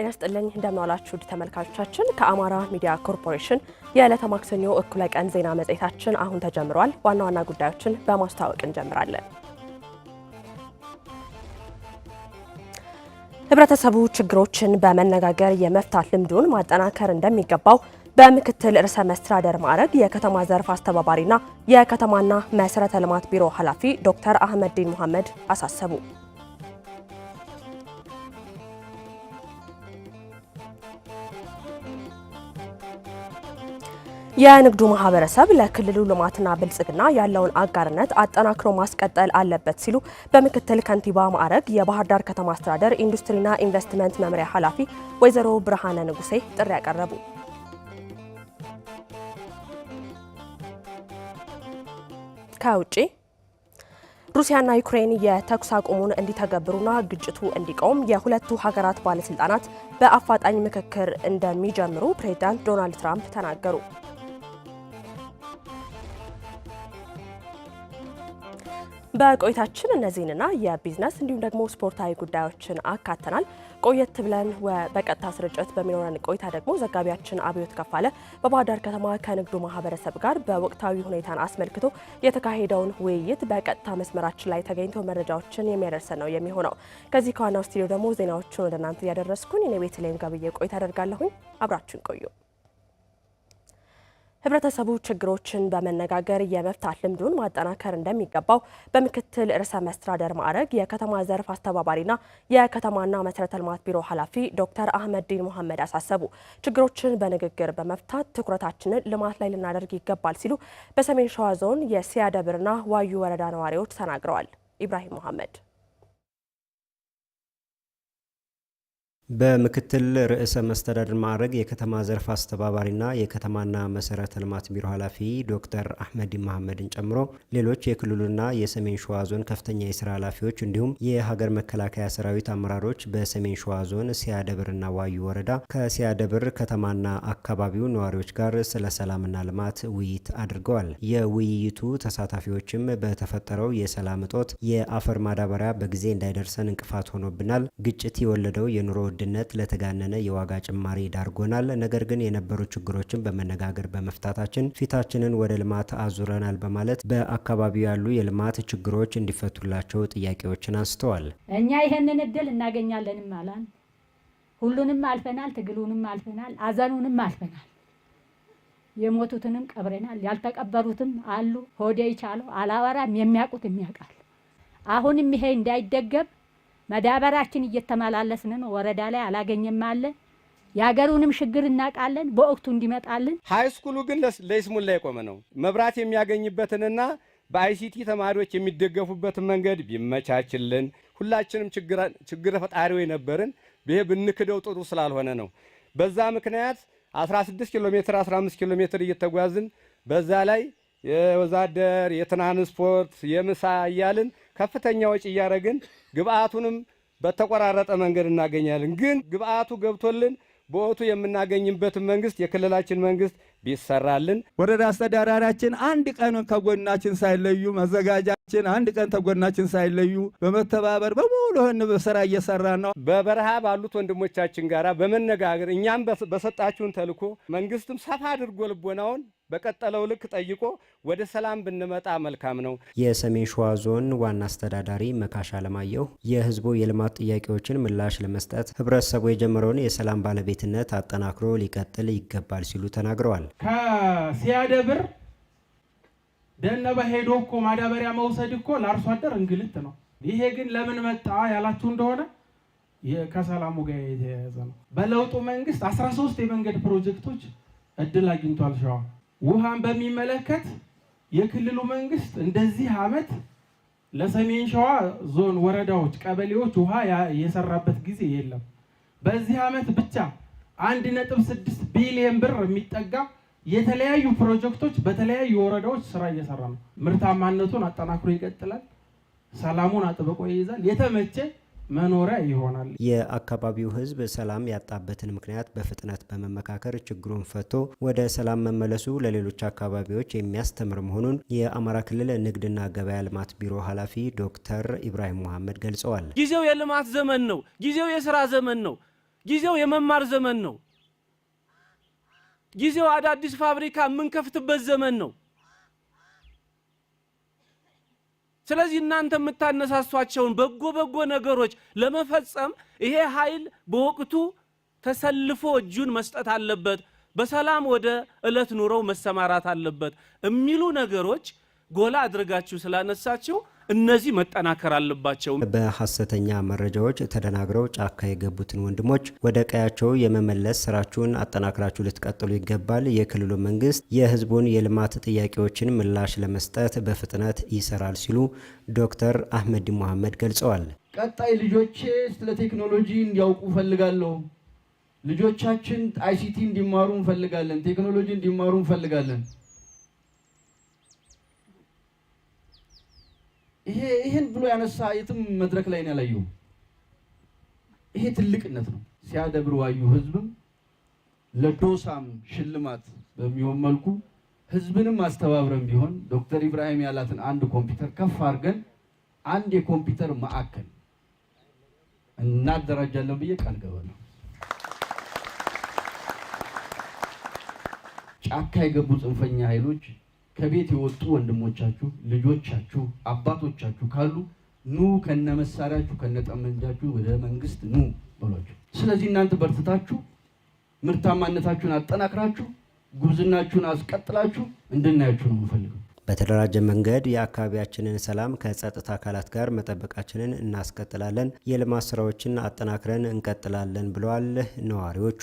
ጤና ይስጥልኝ እንደምናላችሁ ውድ ተመልካቾቻችን፣ ከአማራ ሚዲያ ኮርፖሬሽን የዕለተ ማክሰኞ እኩለ ቀን ዜና መጽሔታችን አሁን ተጀምሯል። ዋና ዋና ጉዳዮችን በማስተዋወቅ እንጀምራለን። ህብረተሰቡ ችግሮችን በመነጋገር የመፍታት ልምዱን ማጠናከር እንደሚገባው በምክትል ርዕሰ መስተዳደር ማዕረግ የከተማ ዘርፍ አስተባባሪና የከተማና መሰረተ ልማት ቢሮ ኃላፊ ዶክተር አህመድዲን ሙሐመድ አሳሰቡ። የንግዱ ማህበረሰብ ለክልሉ ልማትና ብልጽግና ያለውን አጋርነት አጠናክሮ ማስቀጠል አለበት ሲሉ በምክትል ከንቲባ ማዕረግ የባህር ዳር ከተማ አስተዳደር ኢንዱስትሪና ኢንቨስትመንት መምሪያ ኃላፊ ወይዘሮ ብርሃነ ንጉሴ ጥሪ ያቀረቡ። ከውጭ ሩሲያና ዩክሬን የተኩስ አቁሙን እንዲተገብሩና ግጭቱ እንዲቆም የሁለቱ ሀገራት ባለስልጣናት በአፋጣኝ ምክክር እንደሚጀምሩ ፕሬዚዳንት ዶናልድ ትራምፕ ተናገሩ። በቆይታችን እነዚህንና የቢዝነስ እንዲሁም ደግሞ ስፖርታዊ ጉዳዮችን አካተናል። ቆየት ብለን በቀጥታ ስርጭት በሚኖረን ቆይታ ደግሞ ዘጋቢያችን አብዮት ከፋለ በባህር ዳር ከተማ ከንግዱ ማህበረሰብ ጋር በወቅታዊ ሁኔታን አስመልክቶ የተካሄደውን ውይይት በቀጥታ መስመራችን ላይ ተገኝቶ መረጃዎችን የሚያደርሰን ነው የሚሆነው። ከዚህ ከዋናው ስቱዲዮ ደግሞ ዜናዎቹን ወደ እናንተ እያደረስኩኝ እኔ ቤተልሔም ጋብዬ ቆይታ አደርጋለሁኝ። አብራችን ቆዩ። ህብረተሰቡ ችግሮችን በመነጋገር የመፍታት ልምዱን ማጠናከር እንደሚገባው በምክትል ርዕሰ መስተዳደር ማዕረግ የከተማ ዘርፍ አስተባባሪና የከተማና መሰረተ ልማት ቢሮ ኃላፊ ዶክተር አህመዲን መሐመድ አሳሰቡ። ችግሮችን በንግግር በመፍታት ትኩረታችንን ልማት ላይ ልናደርግ ይገባል ሲሉ በሰሜን ሸዋ ዞን የሲያደብርና ዋዩ ወረዳ ነዋሪዎች ተናግረዋል። ኢብራሂም መሐመድ በምክትል ርዕሰ መስተዳድር ማዕረግ የከተማ ዘርፍ አስተባባሪና የከተማና መሰረተ ልማት ቢሮ ኃላፊ ዶክተር አህመድ መሐመድን ጨምሮ ሌሎች የክልሉና የሰሜን ሸዋ ዞን ከፍተኛ የስራ ኃላፊዎች እንዲሁም የሀገር መከላከያ ሰራዊት አመራሮች በሰሜን ሸዋ ዞን ሲያደብርና ዋዩ ወረዳ ከሲያደብር ከተማና አካባቢው ነዋሪዎች ጋር ስለ ሰላምና ልማት ውይይት አድርገዋል። የውይይቱ ተሳታፊዎችም በተፈጠረው የሰላም እጦት የአፈር ማዳበሪያ በጊዜ እንዳይደርሰን እንቅፋት ሆኖብናል፣ ግጭት የወለደው የኑሮ ውድነት ለተጋነነ የዋጋ ጭማሪ ዳርጎናል። ነገር ግን የነበሩ ችግሮችን በመነጋገር በመፍታታችን ፊታችንን ወደ ልማት አዙረናል በማለት በአካባቢው ያሉ የልማት ችግሮች እንዲፈቱላቸው ጥያቄዎችን አንስተዋል። እኛ ይህንን እድል እናገኛለንም አላን። ሁሉንም አልፈናል፣ ትግሉንም አልፈናል፣ አዘኑንም አልፈናል። የሞቱትንም ቀብረናል። ያልተቀበሩትም አሉ። ሆዴ ይቻለው አላወራም። የሚያውቁት የሚያውቃል። አሁንም ይሄ እንዳይደገም መዳበራችን እየተመላለስን ነው። ወረዳ ላይ አላገኘም አለ። የሀገሩንም ችግር እናውቃለን። በወቅቱ እንዲመጣልን። ሀይስኩሉ ግን ለይስሙላ የቆመ ነው። መብራት የሚያገኝበትንና በአይሲቲ ተማሪዎች የሚደገፉበትን መንገድ ቢመቻችልን፣ ሁላችንም ችግር ፈጣሪው የነበርን ይሄ ብንክደው ጥሩ ስላልሆነ ነው። በዛ ምክንያት 16 ኪሎ ሜትር 15 ኪሎ ሜትር እየተጓዝን በዛ ላይ የወዛደር የትራንስፖርት የምሳ እያልን ከፍተኛ ወጪ እያደረግን ግብአቱንም በተቆራረጠ መንገድ እናገኛለን። ግን ግብአቱ ገብቶልን በወቱ የምናገኝበትን መንግስት የክልላችን መንግስት ቢሰራልን። ወረዳ አስተዳዳሪያችን አንድ ቀን ከጎናችን ሳይለዩ፣ መዘጋጃችን አንድ ቀን ተጎናችን ሳይለዩ በመተባበር በሙሉ ህን ስራ እየሰራ ነው። በበረሃ ባሉት ወንድሞቻችን ጋራ በመነጋገር እኛም በሰጣችሁን ተልኮ መንግስትም ሰፋ አድርጎ ልቦናውን በቀጠለው ልክ ጠይቆ ወደ ሰላም ብንመጣ መልካም ነው። የሰሜን ሸዋ ዞን ዋና አስተዳዳሪ መካሽ አለማየሁ የህዝቡ የልማት ጥያቄዎችን ምላሽ ለመስጠት ህብረተሰቡ የጀመረውን የሰላም ባለቤትነት አጠናክሮ ሊቀጥል ይገባል ሲሉ ተናግረዋል። ከሲያደብር ደነባ ሄዶ እኮ ማዳበሪያ መውሰድ እኮ ለአርሶ አደር እንግልት ነው። ይሄ ግን ለምን መጣ ያላችሁ እንደሆነ ከሰላሙ ጋር የተያያዘ ነው። በለውጡ መንግስት 13 የመንገድ ፕሮጀክቶች እድል አግኝቷል ሸዋ ውሃን በሚመለከት የክልሉ መንግስት እንደዚህ አመት ለሰሜን ሸዋ ዞን ወረዳዎች፣ ቀበሌዎች ውሃ የሰራበት ጊዜ የለም። በዚህ አመት ብቻ አንድ ነጥብ ስድስት ቢሊየን ብር የሚጠጋ የተለያዩ ፕሮጀክቶች በተለያዩ ወረዳዎች ስራ እየሰራ ነው። ምርታማነቱን አጠናክሮ ይቀጥላል። ሰላሙን አጥብቆ ይይዛል። የተመቼ መኖሪያ ይሆናል። የአካባቢው ህዝብ ሰላም ያጣበትን ምክንያት በፍጥነት በመመካከር ችግሩን ፈቶ ወደ ሰላም መመለሱ ለሌሎች አካባቢዎች የሚያስተምር መሆኑን የአማራ ክልል ንግድና ገበያ ልማት ቢሮ ኃላፊ ዶክተር ኢብራሂም መሐመድ ገልጸዋል። ጊዜው የልማት ዘመን ነው። ጊዜው የስራ ዘመን ነው። ጊዜው የመማር ዘመን ነው። ጊዜው አዳዲስ ፋብሪካ የምንከፍትበት ዘመን ነው። ስለዚህ እናንተ የምታነሳሷቸውን በጎ በጎ ነገሮች ለመፈጸም ይሄ ኃይል በወቅቱ ተሰልፎ እጁን መስጠት አለበት። በሰላም ወደ ዕለት ኑሮው መሰማራት አለበት የሚሉ ነገሮች ጎላ አድርጋችሁ ስላነሳችሁ እነዚህ መጠናከር አለባቸው። በሐሰተኛ መረጃዎች ተደናግረው ጫካ የገቡትን ወንድሞች ወደ ቀያቸው የመመለስ ስራችሁን አጠናክራችሁ ልትቀጥሉ ይገባል። የክልሉ መንግስት የህዝቡን የልማት ጥያቄዎችን ምላሽ ለመስጠት በፍጥነት ይሰራል ሲሉ ዶክተር አህመድ መሐመድ ገልጸዋል። ቀጣይ ልጆቼ ስለ ቴክኖሎጂ እንዲያውቁ እፈልጋለሁ። ልጆቻችን አይሲቲ እንዲማሩ እንፈልጋለን። ቴክኖሎጂ እንዲማሩ እንፈልጋለን። ይሄ ይሄን ብሎ ያነሳ የትም መድረክ ላይ ነው ያላየው። ይሄ ትልቅነት ነው። ሲያደብር ዋዩ ህዝብም ለዶሳም ሽልማት በሚሆን መልኩ ህዝብንም አስተባብረን ቢሆን ዶክተር ኢብራሂም ያላትን አንድ ኮምፒውተር ከፍ አድርገን አንድ የኮምፒውተር ማዕከል እናደራጃለን ብዬ ቃል ገባለሁ። ጫካ የገቡ ጽንፈኛ ኃይሎች ከቤት የወጡ ወንድሞቻችሁ፣ ልጆቻችሁ፣ አባቶቻችሁ ካሉ ኑ ከነመሳሪያችሁ ጠመንጃችሁ ወደ መንግስት ኑ በሏቸው። ስለዚህ እናንተ በርትታችሁ ምርታማነታችሁን አጠናክራችሁ ጉብዝናችሁን አስቀጥላችሁ እንድናያችሁ ነው የምፈልገው። በተደራጀ መንገድ የአካባቢያችንን ሰላም ከጸጥታ አካላት ጋር መጠበቃችንን እናስቀጥላለን፣ የልማት ስራዎችን አጠናክረን እንቀጥላለን ብለዋል ነዋሪዎቹ።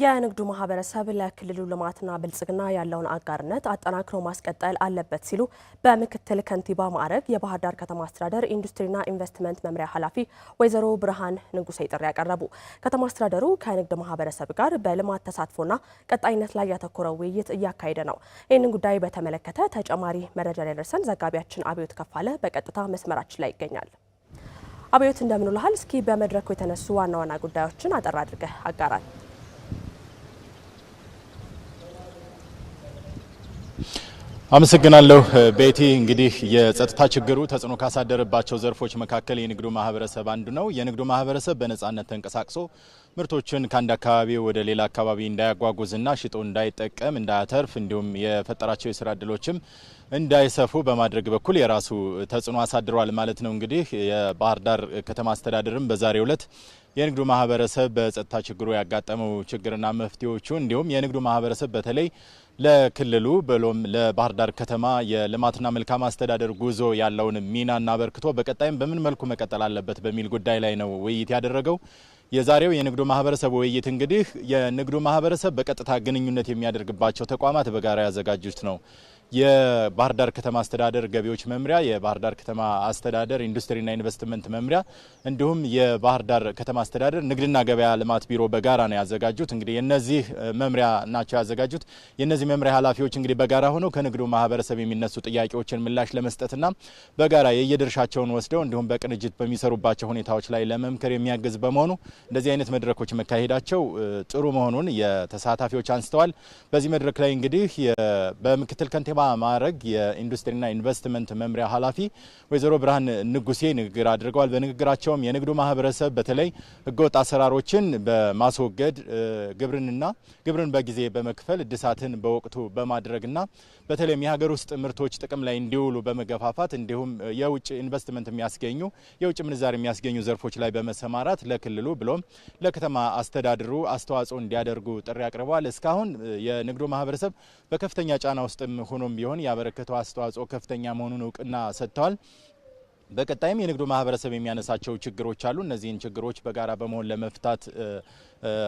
የንግዱ ማህበረሰብ ለክልሉ ልማትና ብልጽግና ያለውን አጋርነት አጠናክሮ ማስቀጠል አለበት ሲሉ በምክትል ከንቲባ ማዕረግ የባህር ዳር ከተማ አስተዳደር ኢንዱስትሪና ኢንቨስትመንት መምሪያ ኃላፊ ወይዘሮ ብርሃን ንጉሴ ጥሪ ያቀረቡ። ከተማ አስተዳደሩ ከንግድ ማህበረሰብ ጋር በልማት ተሳትፎና ቀጣይነት ላይ ያተኮረው ውይይት እያካሄደ ነው። ይህንን ጉዳይ በተመለከተ ተጨማሪ መረጃ ላይ ደርሰን ዘጋቢያችን አብዮት ከፋለ በቀጥታ መስመራችን ላይ ይገኛል። አብዮት እንደምንልሃል። እስኪ በመድረኩ የተነሱ ዋና ዋና ጉዳዮችን አጠር አድርገህ አጋራል። አመሰግናለሁ ቤቲ። እንግዲህ የጸጥታ ችግሩ ተጽዕኖ ካሳደረባቸው ዘርፎች መካከል የንግዱ ማህበረሰብ አንዱ ነው። የንግዱ ማህበረሰብ በነጻነት ተንቀሳቅሶ ምርቶችን ከአንድ አካባቢ ወደ ሌላ አካባቢ እንዳያጓጉዝና ሽጦ እንዳይጠቀም እንዳያተርፍ፣ እንዲሁም የፈጠራቸው የስራ እድሎችም እንዳይሰፉ በማድረግ በኩል የራሱ ተጽዕኖ አሳድሯል ማለት ነው። እንግዲህ የባህር ዳር ከተማ አስተዳደርም በዛሬው ዕለት የንግዱ ማህበረሰብ በጸጥታ ችግሩ ያጋጠመው ችግርና መፍትሄዎቹ እንዲሁም የንግዱ ማህበረሰብ በተለይ ለክልሉ ብሎም ለባህር ዳር ከተማ የልማትና መልካም አስተዳደር ጉዞ ያለውን ሚናና አበርክቶ በቀጣይም በምን መልኩ መቀጠል አለበት በሚል ጉዳይ ላይ ነው ውይይት ያደረገው። የዛሬው የንግዱ ማህበረሰብ ውይይት እንግዲህ የንግዱ ማህበረሰብ በቀጥታ ግንኙነት የሚያደርግባቸው ተቋማት በጋራ ያዘጋጁት ነው። የባህር ዳር ከተማ አስተዳደር ገቢዎች መምሪያ፣ የባህር ዳር ከተማ አስተዳደር ኢንዱስትሪና ኢንቨስትመንት መምሪያ እንዲሁም የባህር ዳር ከተማ አስተዳደር ንግድና ገበያ ልማት ቢሮ በጋራ ነው ያዘጋጁት። እንግዲህ የነዚህ መምሪያ ናቸው ያዘጋጁት። የነዚህ መምሪያ ኃላፊዎች እንግዲህ በጋራ ሆነው ከንግዱ ማህበረሰብ የሚነሱ ጥያቄዎችን ምላሽ ለመስጠትና በጋራ የየድርሻቸውን ወስደው እንዲሁም በቅንጅት በሚሰሩባቸው ሁኔታዎች ላይ ለመምከር የሚያግዝ በመሆኑ እንደዚህ አይነት መድረኮች መካሄዳቸው ጥሩ መሆኑን የተሳታፊዎች አንስተዋል። በዚህ መድረክ ላይ እንግዲህ በምክትል ከንቴባ ዘገባ ማድረግ የኢንዱስትሪና ኢንቨስትመንት መምሪያ ኃላፊ ወይዘሮ ብርሃን ንጉሴ ንግግር አድርገዋል። በንግግራቸውም የንግዱ ማህበረሰብ በተለይ ህገወጥ አሰራሮችን በማስወገድ ግብርንና ግብርን በጊዜ በመክፈል እድሳትን በወቅቱ በማድረግና በተለይም የሀገር ውስጥ ምርቶች ጥቅም ላይ እንዲውሉ በመገፋፋት እንዲሁም የውጭ ኢንቨስትመንት የሚያስገኙ የውጭ ምንዛር የሚያስገኙ ዘርፎች ላይ በመሰማራት ለክልሉ ብሎም ለከተማ አስተዳድሩ አስተዋጽኦ እንዲያደርጉ ጥሪ አቅርበዋል። እስካሁን የንግዱ ማህበረሰብ በከፍተኛ ጫና ውስጥም ሆኖ ሆኖም ቢሆን ያበረከተው አስተዋጽኦ ከፍተኛ መሆኑን እውቅና ሰጥተዋል። በቀጣይም የንግዱ ማህበረሰብ የሚያነሳቸው ችግሮች አሉ። እነዚህን ችግሮች በጋራ በመሆን ለመፍታት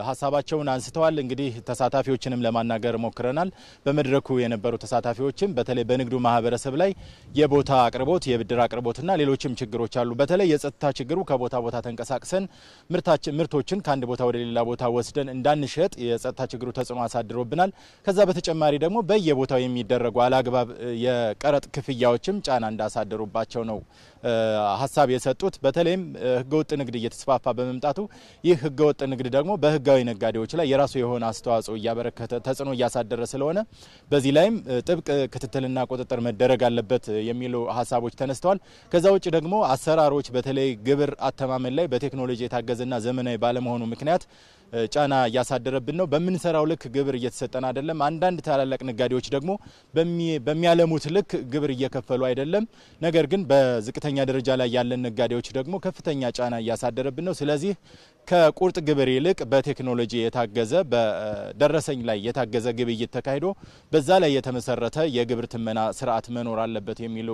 ሀሳባቸውን አንስተዋል። እንግዲህ ተሳታፊዎችንም ለማናገር ሞክረናል። በመድረኩ የነበሩ ተሳታፊዎችም በተለይ በንግዱ ማህበረሰብ ላይ የቦታ አቅርቦት፣ የብድር አቅርቦትና ሌሎችም ችግሮች አሉ። በተለይ የጸጥታ ችግሩ ከቦታ ቦታ ተንቀሳቅሰን ምርቶችን ከአንድ ቦታ ወደ ሌላ ቦታ ወስደን እንዳንሸጥ የጸጥታ ችግሩ ተጽዕኖ አሳድሮብናል። ከዛ በተጨማሪ ደግሞ በየቦታው የሚደረጉ አላግባብ የቀረጥ ክፍያዎችም ጫና እንዳሳደሩባቸው ነው ሀሳብ የሰጡት። በተለይም ህገወጥ ንግድ እየተስፋፋ በመምጣቱ ይህ ህገወጥ ንግድ ደግሞ በህጋዊ ነጋዴዎች ላይ የራሱ የሆነ አስተዋጽኦ እያበረከተ ተጽዕኖ እያሳደረ ስለሆነ በዚህ ላይም ጥብቅ ክትትልና ቁጥጥር መደረግ አለበት የሚሉ ሀሳቦች ተነስተዋል። ከዛ ውጭ ደግሞ አሰራሮች በተለይ ግብር አተማመን ላይ በቴክኖሎጂ የታገዘና ዘመናዊ ባለመሆኑ ምክንያት ጫና እያሳደረብን ነው። በምንሰራው ልክ ግብር እየተሰጠን አይደለም። አንዳንድ ታላላቅ ነጋዴዎች ደግሞ በሚያለሙት ልክ ግብር እየከፈሉ አይደለም። ነገር ግን በዝቅተኛ ደረጃ ላይ ያለን ነጋዴዎች ደግሞ ከፍተኛ ጫና እያሳደረብን ነው። ስለዚህ ከቁርጥ ግብር ይልቅ በቴክኖሎጂ የታገዘ በደረሰኝ ላይ የታገዘ ግብይት ተካሂዶ በዛ ላይ የተመሰረተ የግብር ትመና ስርዓት መኖር አለበት የሚሉ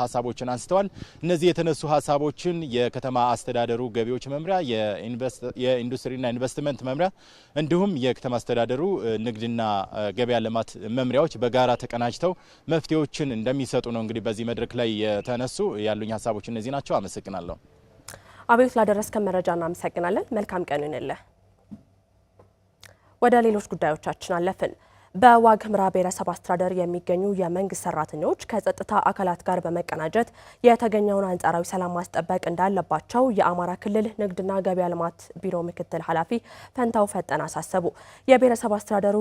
ሀሳቦችን አንስተዋል። እነዚህ የተነሱ ሀሳቦችን የከተማ አስተዳደሩ ገቢዎች መምሪያ የኢንዱስትሪና ኢንቨስትመንት መምሪያ እንዲሁም የከተማ አስተዳደሩ ንግድና ገበያ ልማት መምሪያዎች በጋራ ተቀናጅተው መፍትሄዎችን እንደሚሰጡ ነው እንግዲህ በዚህ መድረክ ላይ የተነሱ ያሉኝ ሀሳቦች እነዚህ ናቸው። አመሰግናለሁ። አብዮት፣ ላደረስከን መረጃ እናመሰግናለን። መልካም ቀን ይሁንልህ። ወደ ሌሎች ጉዳዮቻችን አለፍን። በዋግ ብሔረሰብ አስተዳደር የሚገኙ የመንግስት ሰራተኞች ከጸጥታ አካላት ጋር በመቀናጀት የተገኘውን አንጻራዊ ሰላም ማስጠበቅ እንዳለባቸው የአማራ ክልል ንግድና ገበያ ልማት ቢሮ ምክትል ኃላፊ ፈንታው ፈጠን አሳሰቡ። የብሔረሰብ አስተዳደሩ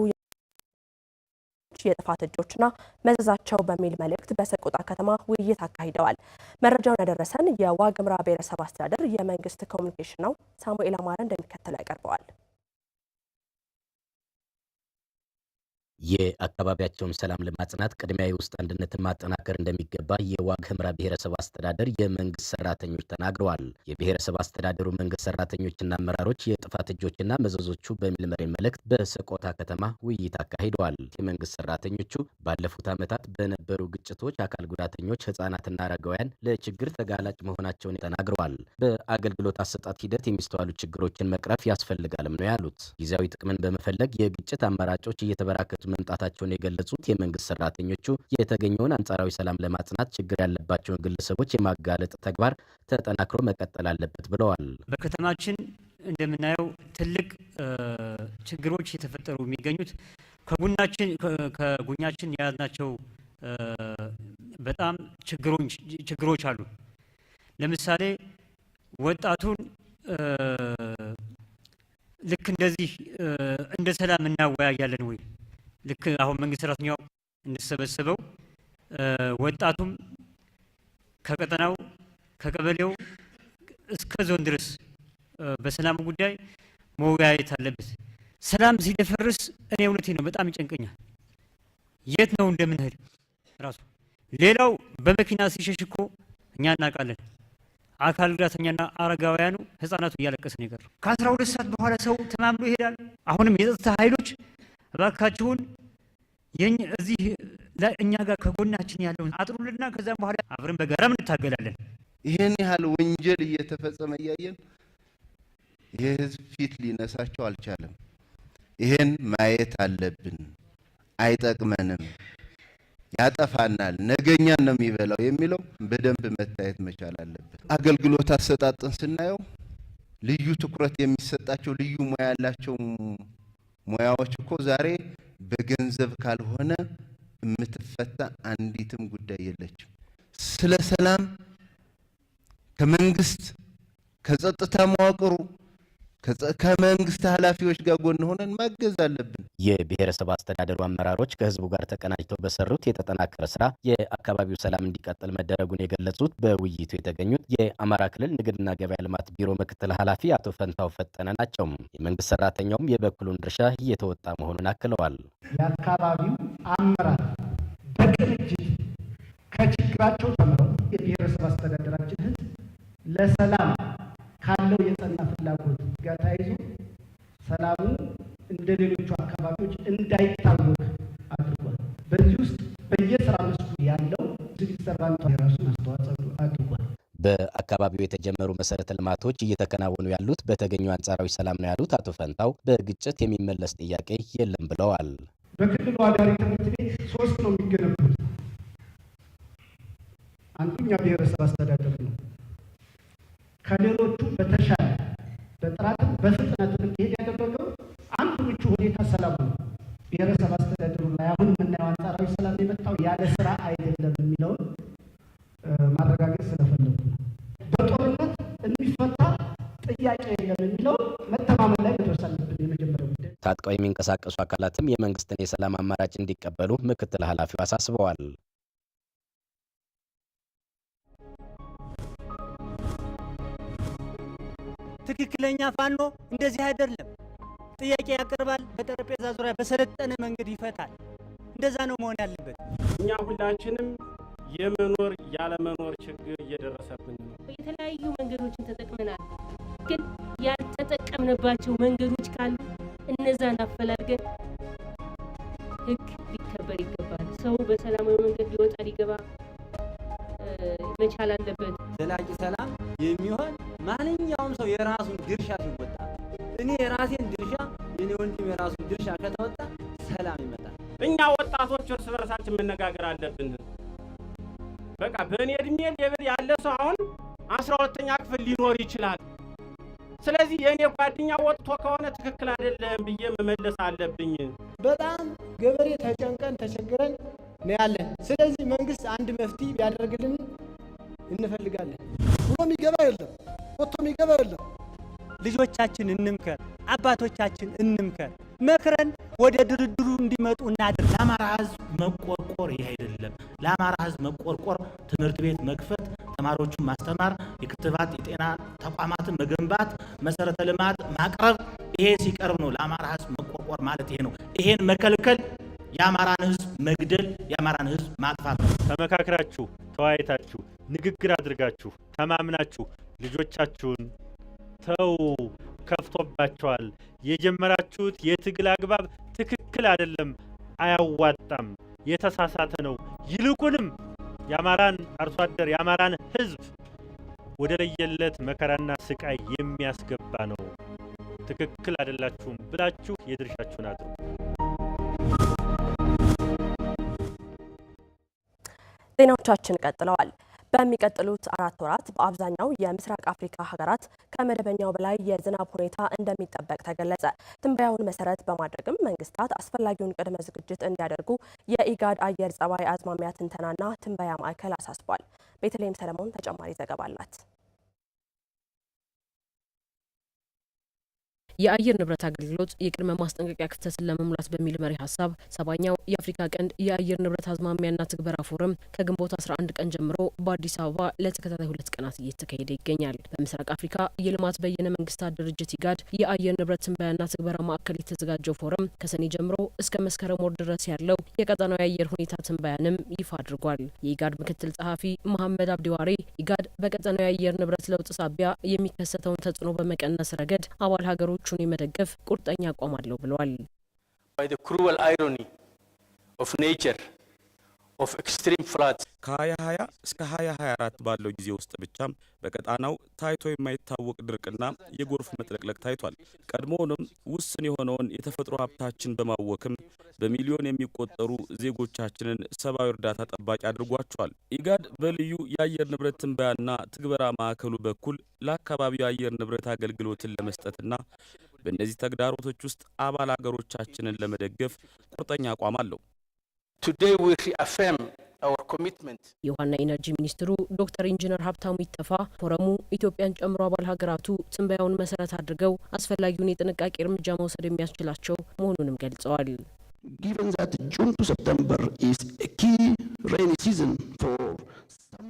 የጥፋት እጆችና መዘዛቸው በሚል መልእክት በሰቆጣ ከተማ ውይይት አካሂደዋል። መረጃውን ያደረሰን የዋግ ኽምራ ብሔረሰብ አስተዳደር የመንግስት ኮሚኒኬሽን ነው። ሳሙኤል አማረ እንደሚከተለው ያቀርበዋል። የአካባቢያቸውን ሰላም ለማጽናት ቅድሚያ የውስጥ አንድነትን ማጠናከር እንደሚገባ የዋግ ህምራ ብሔረሰብ አስተዳደር የመንግስት ሰራተኞች ተናግረዋል። የብሔረሰብ አስተዳደሩ መንግስት ሰራተኞችና አመራሮች የጥፋት እጆችና መዘዞቹ በሚል መሪ መልእክት በሰቆጣ ከተማ ውይይት አካሂደዋል። የመንግስት ሰራተኞቹ ባለፉት ዓመታት በነበሩ ግጭቶች አካል ጉዳተኞች፣ ህጻናትና አረጋውያን ለችግር ተጋላጭ መሆናቸውን ተናግረዋል። በአገልግሎት አሰጣት ሂደት የሚስተዋሉ ችግሮችን መቅረፍ ያስፈልጋልም ነው ያሉት። ጊዜያዊ ጥቅምን በመፈለግ የግጭት አማራጮች እየተበራከቱ መምጣታቸውን የገለጹት የመንግስት ሰራተኞቹ የተገኘውን አንጻራዊ ሰላም ለማጽናት ችግር ያለባቸውን ግለሰቦች የማጋለጥ ተግባር ተጠናክሮ መቀጠል አለበት ብለዋል። በከተማችን እንደምናየው ትልቅ ችግሮች የተፈጠሩ የሚገኙት ከቡናችን ከጉኛችን የያዝናቸው በጣም ችግሮች አሉ። ለምሳሌ ወጣቱን ልክ እንደዚህ እንደ ሰላም እናወያያለን ወይ ልክ አሁን መንግስት ሰራተኛው እንደሰበሰበው ወጣቱም ከቀጠናው ከቀበሌው እስከ ዞን ድረስ በሰላም ጉዳይ መወያየት አለበት። ሰላም ሲደፈርስ እኔ እውነቴ ነው በጣም ይጨንቀኛል። የት ነው እንደምንሄድ ራሱ ሌላው በመኪና ሲሸሽ እኮ እኛ እናውቃለን። አካል ጉዳተኛና አረጋውያኑ ህጻናቱ እያለቀሰ ነው የቀረው። ከአስራ ሁለት ሰዓት በኋላ ሰው ተማምሎ ይሄዳል። አሁንም የጸጥታ ኃይሎች እባካችሁን እዚህ እኛ ጋር ከጎናችን ያለውን አጥሩልና ከዛም በኋላ አብረን በጋራም እንታገላለን። ይህን ያህል ወንጀል እየተፈጸመ እያየን ይህ ፊት ሊነሳቸው አልቻለም። ይህን ማየት አለብን። አይጠቅመንም፣ ያጠፋናል፣ ነገኛን ነው የሚበላው የሚለው በደንብ መታየት መቻል አለብን። አገልግሎት አሰጣጥን ስናየው ልዩ ትኩረት የሚሰጣቸው ልዩ ሙያ ያላቸው ሙያዎች እኮ ዛሬ በገንዘብ ካልሆነ የምትፈታ አንዲትም ጉዳይ የለችም። ስለ ሰላም ከመንግስት ከጸጥታ መዋቅሩ ከመንግስት ኃላፊዎች ጋር ጎን ሆነን ማገዝ አለብን። የብሔረሰብ አስተዳደሩ አመራሮች ከህዝቡ ጋር ተቀናጅተው በሰሩት የተጠናከረ ስራ የአካባቢው ሰላም እንዲቀጥል መደረጉን የገለጹት በውይይቱ የተገኙት የአማራ ክልል ንግድና ገበያ ልማት ቢሮ ምክትል ኃላፊ አቶ ፈንታው ፈጠነ ናቸው። የመንግስት ሰራተኛውም የበኩሉን ድርሻ እየተወጣ መሆኑን አክለዋል። የአካባቢው አመራር በቅንጅት ከችግራቸው ተምረው የብሔረሰብ አስተዳደራችን ህዝብ ለሰላም ካለው የጸና ፍላጎት ጋር ተያይዞ ሰላሙ እንደ ሌሎቹ አካባቢዎች እንዳይታወቅ አድርጓል። በዚህ ውስጥ በየስራ መስኩ ያለው ሰርቫንቷ የራሱን አስተዋጽኦ አድርጓል። በአካባቢው የተጀመሩ መሰረተ ልማቶች እየተከናወኑ ያሉት በተገኙ አንጻራዊ ሰላም ነው ያሉት አቶ ፈንታው በግጭት የሚመለስ ጥያቄ የለም ብለዋል። በክልሉ አዳሪ ትምህርት ቤት ሶስት ነው የሚገነቡት። አንዱኛ ብሔረሰብ አስተዳደር ነው ከሌሎቹ በተሻለ በጥራትም በፍጥነት እንዲሄድ ያደረገው አንዱ ምቹ ሁኔታ ሰላም ነው። ብሔረሰብ አስተዳደሩ ላይ አሁን የምናየው አንጻራዊ ሰላም የመጣው ያለ ስራ አይደለም የሚለውን ማረጋገጥ ስለፈለጉ ነው። በጦርነት የሚፈታ ጥያቄ የለም የሚለው መተማመን ላይ መድረስ አለብን። የመጀመሪያው ጉዳይ ታጥቀው የሚንቀሳቀሱ አካላትም የመንግስትን የሰላም አማራጭ እንዲቀበሉ ምክትል ኃላፊው አሳስበዋል። ትክክለኛ ፋኖ እንደዚህ አይደለም። ጥያቄ ያቀርባል፣ በጠረጴዛ ዙሪያ በሰለጠነ መንገድ ይፈታል። እንደዛ ነው መሆን ያለበት። እኛ ሁላችንም የመኖር ያለመኖር ችግር እየደረሰብን ነው። የተለያዩ መንገዶችን ተጠቅመናል፣ ግን ያልተጠቀምንባቸው መንገዶች ካሉ እነዛን አፈላልገን ህግ ሊከበር ይገባል። ሰው በሰላማዊ መንገድ ሊወጣ ሊገባ መቻል አለበት። ዘላቂ ሰላም የሚሆን ማንኛውም ሰው የራሱን ድርሻ ሲወጣ፣ እኔ የራሴን ድርሻ የኔ ወንድም የራሱን ድርሻ ከተወጣ ሰላም ይመጣል። እኛ ወጣቶች እርስ በርሳችን መነጋገር አለብን። በቃ በእኔ እድሜ ሌብል ያለ ሰው አሁን አስራ ሁለተኛ ክፍል ሊኖር ይችላል። ስለዚህ የእኔ ጓደኛ ወጥቶ ከሆነ ትክክል አይደለም ብዬ መመለስ አለብኝ። በጣም ገበሬ ተጨንቀን ተቸግረን ነው ያለን። ስለዚህ መንግስት አንድ መፍትሄ ቢያደርግልን እንፈልጋለን። በለው። ልጆቻችን እንምከር፣ አባቶቻችን እንምከር። መክረን ወደ ድርድሩ እንዲመጡ እናድር። ለአማራ ህዝብ መቆርቆር ይህ አይደለም። ለአማራ ህዝብ መቆርቆር ትምህርት ቤት መክፈት፣ ተማሪዎቹን ማስተማር፣ የክትባት የጤና ተቋማትን መገንባት፣ መሰረተ ልማት ማቅረብ፣ ይሄ ሲቀርብ ነው ለአማራ ህዝብ መቆርቆር ማለት ይሄ ነው። ይሄን መከልከል የአማራን ህዝብ መግደል፣ የአማራን ህዝብ ማጥፋት ነው። ተመካክራችሁ ተወያይታችሁ ንግግር አድርጋችሁ ተማምናችሁ ልጆቻችሁን ተው ከፍቶባቸዋል፣ የጀመራችሁት የትግል አግባብ ትክክል አይደለም፣ አያዋጣም፣ የተሳሳተ ነው። ይልቁንም የአማራን አርሶ አደር የአማራን ሕዝብ ወደ ለየለት መከራና ስቃይ የሚያስገባ ነው። ትክክል አይደላችሁም ብላችሁ የድርሻችሁን አድርጉ። ዜናዎቻችን ቀጥለዋል። በሚቀጥሉት አራት ወራት በአብዛኛው የምስራቅ አፍሪካ ሀገራት ከመደበኛው በላይ የዝናብ ሁኔታ እንደሚጠበቅ ተገለጸ። ትንበያውን መሰረት በማድረግም መንግስታት አስፈላጊውን ቅድመ ዝግጅት እንዲያደርጉ የኢጋድ አየር ጸባይ አዝማሚያ ትንተናና ትንበያ ማዕከል አሳስቧል። ቤተልሔም ሰለሞን ተጨማሪ ዘገባ አላት። የአየር ንብረት አገልግሎት የቅድመ ማስጠንቀቂያ ክፍተትን ለመሙላት በሚል መሪ ሀሳብ ሰባኛው የአፍሪካ ቀንድ የአየር ንብረት አዝማሚያና ትግበራ ፎረም ከግንቦት 11 ቀን ጀምሮ በአዲስ አበባ ለተከታታይ ሁለት ቀናት እየተካሄደ ይገኛል። በምስራቅ አፍሪካ የልማት በየነ መንግስታት ድርጅት ኢጋድ የአየር ንብረት ትንበያና ትግበራ ማዕከል የተዘጋጀው ፎረም ከሰኔ ጀምሮ እስከ መስከረም ወር ድረስ ያለው የቀጠናው የአየር ሁኔታ ትንበያንም ይፋ አድርጓል። የኢጋድ ምክትል ጸሐፊ መሐመድ አብዲዋሬ ኢጋድ በቀጠናው የአየር ንብረት ለውጥ ሳቢያ የሚከሰተውን ተጽዕኖ በመቀነስ ረገድ አባል ሀገሮች ዜጎቹን የመደገፍ ቁርጠኛ አቋም አለው ብለዋል። ባይ ዘ ክሩወል አይሮኒ ኦፍ ኔቸር ኦፍ ኤክስትሪም ፍላድ ከ2020 እስከ 2024 ባለው ጊዜ ውስጥ ብቻ በቀጣናው ታይቶ የማይታወቅ ድርቅና የጎርፍ መጥለቅለቅ ታይቷል። ቀድሞውንም ውስን የሆነውን የተፈጥሮ ሀብታችን በማወክም በሚሊዮን የሚቆጠሩ ዜጎቻችንን ሰብአዊ እርዳታ ጠባቂ አድርጓቸዋል። ኢጋድ በልዩ የአየር ንብረት ትንበያና ትግበራ ማዕከሉ በኩል ለአካባቢው የአየር ንብረት አገልግሎትን ለመስጠትና በእነዚህ ተግዳሮቶች ውስጥ አባል አገሮቻችንን ለመደገፍ ቁርጠኛ አቋም አለው። የውሃና ኢነርጂ ሚኒስትሩ ዶክተር ኢንጂነር ሀብታሙ ይተፋ ፎረሙ ኢትዮጵያን ጨምሮ አባል ሀገራቱ ትንበያውን መሰረት አድርገው አስፈላጊውን የጥንቃቄ እርምጃ መውሰድ የሚያስችላቸው መሆኑንም ገልጸዋል።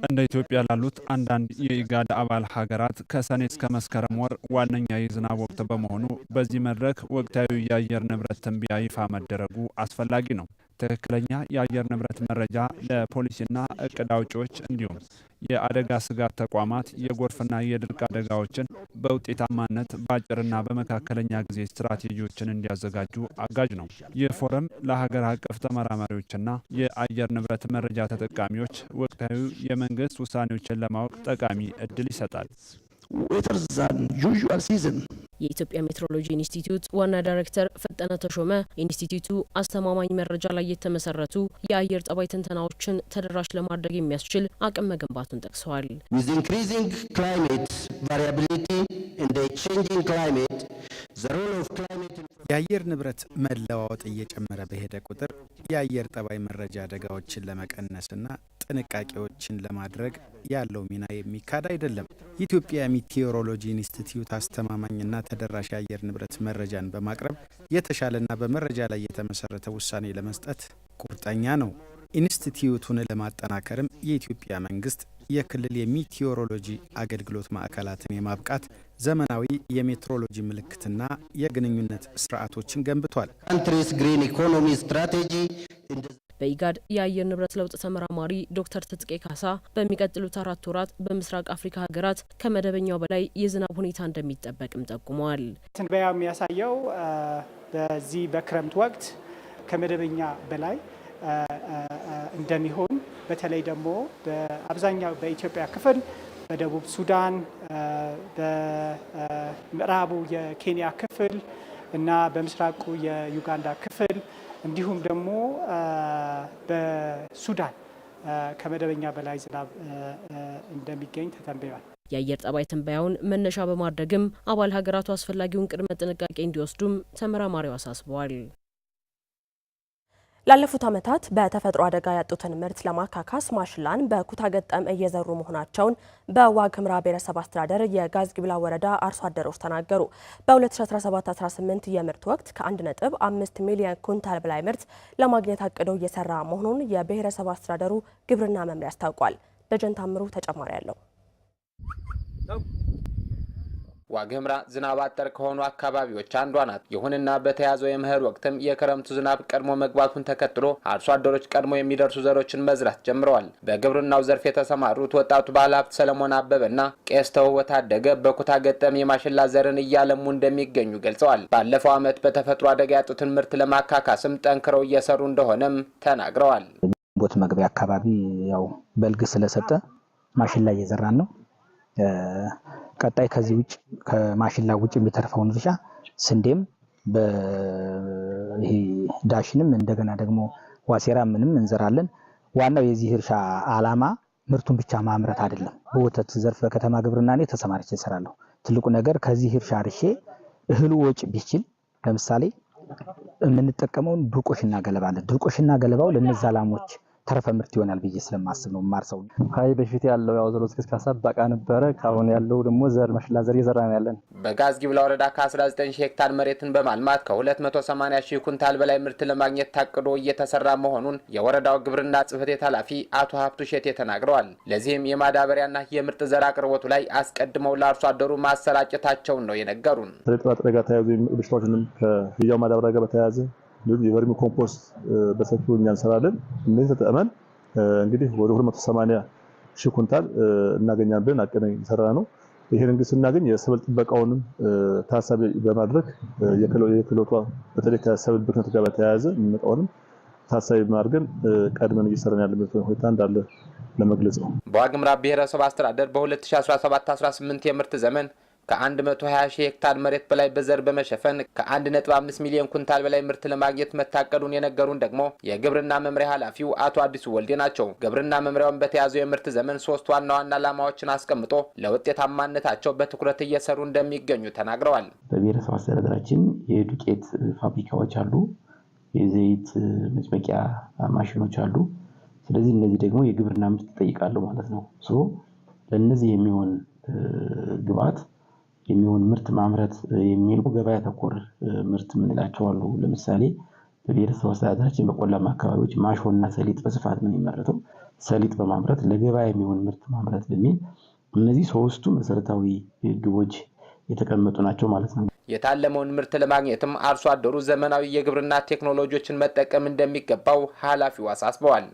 እንደ ኢትዮጵያ ላሉት አንዳንድ የኢጋድ አባል ሀገራት ከሰኔ እስከ መስከረም ወር ዋነኛ የዝናብ ወቅት በመሆኑ በዚህ መድረክ ወቅታዊ የአየር ንብረት ትንቢያ ይፋ መደረጉ አስፈላጊ ነው። ትክክለኛ የአየር ንብረት መረጃ ለፖሊሲና እቅድ አውጪዎች እንዲሁም የአደጋ ስጋት ተቋማት የጎርፍና የድርቅ አደጋዎችን በውጤታማነት በአጭርና በመካከለኛ ጊዜ ስትራቴጂዎችን እንዲያዘጋጁ አጋዥ ነው። ይህ ፎረም ለሀገር አቀፍ ተመራማሪዎችና የአየር ንብረት መረጃ ተጠቃሚዎች ወቅታዊ የመንግስት ውሳኔዎችን ለማወቅ ጠቃሚ እድል ይሰጣል። የኢትዮጵያ ሜትሮሎጂ ኢንስቲትዩት ዋና ዳይሬክተር ፈጠነ ተሾመ ኢንስቲትዩቱ አስተማማኝ መረጃ ላይ የተመሰረቱ የአየር ጠባይ ትንተናዎችን ተደራሽ ለማድረግ የሚያስችል አቅም መገንባቱን ጠቅሰዋል። የአየር ንብረት መለዋወጥ እየጨመረ በሄደ ቁጥር የአየር ጠባይ መረጃ አደጋዎችን ለመቀነስና ጥንቃቄዎችን ለማድረግ ያለው ሚና የሚካድ አይደለም። የኢትዮጵያ ሚቴዎሮሎጂ ኢንስቲትዩት አስተማማኝና ተደራሽ የአየር ንብረት መረጃን በማቅረብ የተሻለና በመረጃ ላይ የተመሰረተ ውሳኔ ለመስጠት ቁርጠኛ ነው። ኢንስቲትዩቱን ለማጠናከርም የኢትዮጵያ መንግስት የክልል የሚቴዎሮሎጂ አገልግሎት ማዕከላትን የማብቃት ዘመናዊ የሜትሮሎጂ ምልክትና የግንኙነት ስርዓቶችን ገንብቷል። በኢጋድ የአየር ንብረት ለውጥ ተመራማሪ ዶክተር ትጥቄ ካሳ በሚቀጥሉት አራት ወራት በምስራቅ አፍሪካ ሀገራት ከመደበኛው በላይ የዝናብ ሁኔታ እንደሚጠበቅም ጠቁመዋል። ትንበያው የሚያሳየው በዚህ በክረምት ወቅት ከመደበኛ በላይ እንደሚሆን በተለይ ደግሞ በአብዛኛው በኢትዮጵያ ክፍል በደቡብ ሱዳን፣ በምዕራቡ የኬንያ ክፍል እና በምስራቁ የዩጋንዳ ክፍል እንዲሁም ደግሞ በሱዳን ከመደበኛ በላይ ዝናብ እንደሚገኝ ተተንብዮአል። የአየር ጠባይ ትንበያውን መነሻ በማድረግም አባል ሀገራቱ አስፈላጊውን ቅድመ ጥንቃቄ እንዲወስዱም ተመራማሪው አሳስበዋል። ላለፉት ዓመታት በተፈጥሮ አደጋ ያጡትን ምርት ለማካካስ ማሽላን በኩታ ገጠም እየዘሩ መሆናቸውን በዋግ ኽምራ ብሔረሰብ አስተዳደር ግብላ ወረዳ አርሶ አደሮች ተናገሩ። በ2017/18 የምርት ወቅት ከ1.5 ሚሊዮን ኩንታል በላይ ምርት ለማግኘት አቅዶ እየሰራ መሆኑን የብሔረሰብ አስተዳደሩ ግብርና መምሪያ አስታውቋል። ደጀን ታምሩ ተጨማሪ አለው። ዋግምራ ዝናብ አጠር ከሆኑ አካባቢዎች አንዷ ናት። ይሁንና በተያዘው የመኸር ወቅትም የክረምቱ ዝናብ ቀድሞ መግባቱን ተከትሎ አርሶ አደሮች ቀድሞ የሚደርሱ ዘሮችን መዝራት ጀምረዋል። በግብርናው ዘርፍ የተሰማሩት ወጣቱ ባለሀብት ሰለሞን አበበና ቄስ ተውቦት ታደገ በኩታ ገጠም የማሽላ ዘርን እያለሙ እንደሚገኙ ገልጸዋል። ባለፈው ዓመት በተፈጥሮ አደጋ ያጡትን ምርት ለማካካስም ጠንክረው እየሰሩ እንደሆነም ተናግረዋል። ቦት መግቢያ አካባቢ ያው በልግ ስለሰጠ ማሽላ እየዘራን ነው ቀጣይ ከዚህ ውጭ ከማሽላ ውጭ የሚተርፈውን እርሻ ስንዴም ይሄ ዳሽንም እንደገና ደግሞ ዋሴራ ምንም እንዘራለን። ዋናው የዚህ እርሻ አላማ ምርቱን ብቻ ማምረት አይደለም። በወተት ዘርፍ በከተማ ግብርና እኔ ተሰማርቼ እሰራለሁ። ትልቁ ነገር ከዚህ እርሻ ርሼ እህሉ ወጭ ቢችል ለምሳሌ የምንጠቀመውን ድርቆሽና ገለባ አለ። ድርቆሽና ገለባው ለነዛ ላሞች ተረፈ ምርት ይሆናል ብዬ ስለማስብ ነው የማርሰው። ሀይ በፊት ያለው ያው ዘሮ ቅስቃሳ በቃ ነበረ። ካሁን ያለው ደግሞ ዘር መሽላ ዘር እየዘራ ነው ያለን። በጋዝ ጊብላ ወረዳ ከ19 ሄክታር መሬትን በማልማት ከ280 ሺህ ኩንታል በላይ ምርት ለማግኘት ታቅዶ እየተሰራ መሆኑን የወረዳው ግብርና ጽህፈት ቤት ኃላፊ አቶ ሀብቱ ሸቴ ተናግረዋል። ለዚህም የማዳበሪያና የምርጥ ዘር አቅርቦቱ ላይ አስቀድመው ለአርሶ አደሩ ማሰራጨታቸውን ነው የነገሩን። ጥራጥሬ ጋር ተያይዞ በሽታዎችንም ከህያው ማዳበሪያ ጋር በተያያዘ የቨርሚ ኮምፖስት በሰፊው እኛ እንሰራለን። እነዚህ ተጠቅመን እንግዲህ ወደ 280 ሺ ኩንታል እናገኛለን ብለን አቅደን የሰራ ነው። ይሄን እንግዲህ ስናገኝ የሰብል ጥበቃውንም ታሳቢ በማድረግ የክሎቷ በተለይ ከሰብል ብክነት ጋር በተያያዘ የሚመጣውንም ታሳቢ በማድረግን ቀድመን እየሰራን ያለበት ሁኔታ እንዳለ ለመግለጽ ነው። በዋግምራ ብሔረሰብ አስተዳደር በ2017/18 የምርት ዘመን ከ120 ሺህ ሄክታር መሬት በላይ በዘር በመሸፈን ከ1.5 ሚሊዮን ኩንታል በላይ ምርት ለማግኘት መታቀዱን የነገሩን ደግሞ የግብርና መምሪያ ኃላፊው አቶ አዲሱ ወልዴ ናቸው። ግብርና መምሪያውን በተያዘው የምርት ዘመን ሶስት ዋና ዋና ዓላማዎችን አስቀምጦ ለውጤታማነታቸው በትኩረት እየሰሩ እንደሚገኙ ተናግረዋል። በብሔረሰብ አስተዳደራችን የዱቄት ፋብሪካዎች አሉ፣ የዘይት መጭመቂያ ማሽኖች አሉ። ስለዚህ እነዚህ ደግሞ የግብርና ምርት ይጠይቃሉ ማለት ነው። ለእነዚህ የሚሆን ግብአት የሚሆን ምርት ማምረት የሚሉ ገበያ ተኮር ምርት የምንላቸው አሉ። ለምሳሌ በብሔረሰብ አስተዳደራችን በቆላማ አካባቢዎች ማሾና ሰሊጥ በስፋት ነው የሚመረተው። ሰሊጥ በማምረት ለገበያ የሚሆን ምርት ማምረት በሚል እነዚህ ሶስቱ መሰረታዊ ግቦች የተቀመጡ ናቸው ማለት ነው። የታለመውን ምርት ለማግኘትም አርሶ አደሩ ዘመናዊ የግብርና ቴክኖሎጂዎችን መጠቀም እንደሚገባው ኃላፊው አሳስበዋል።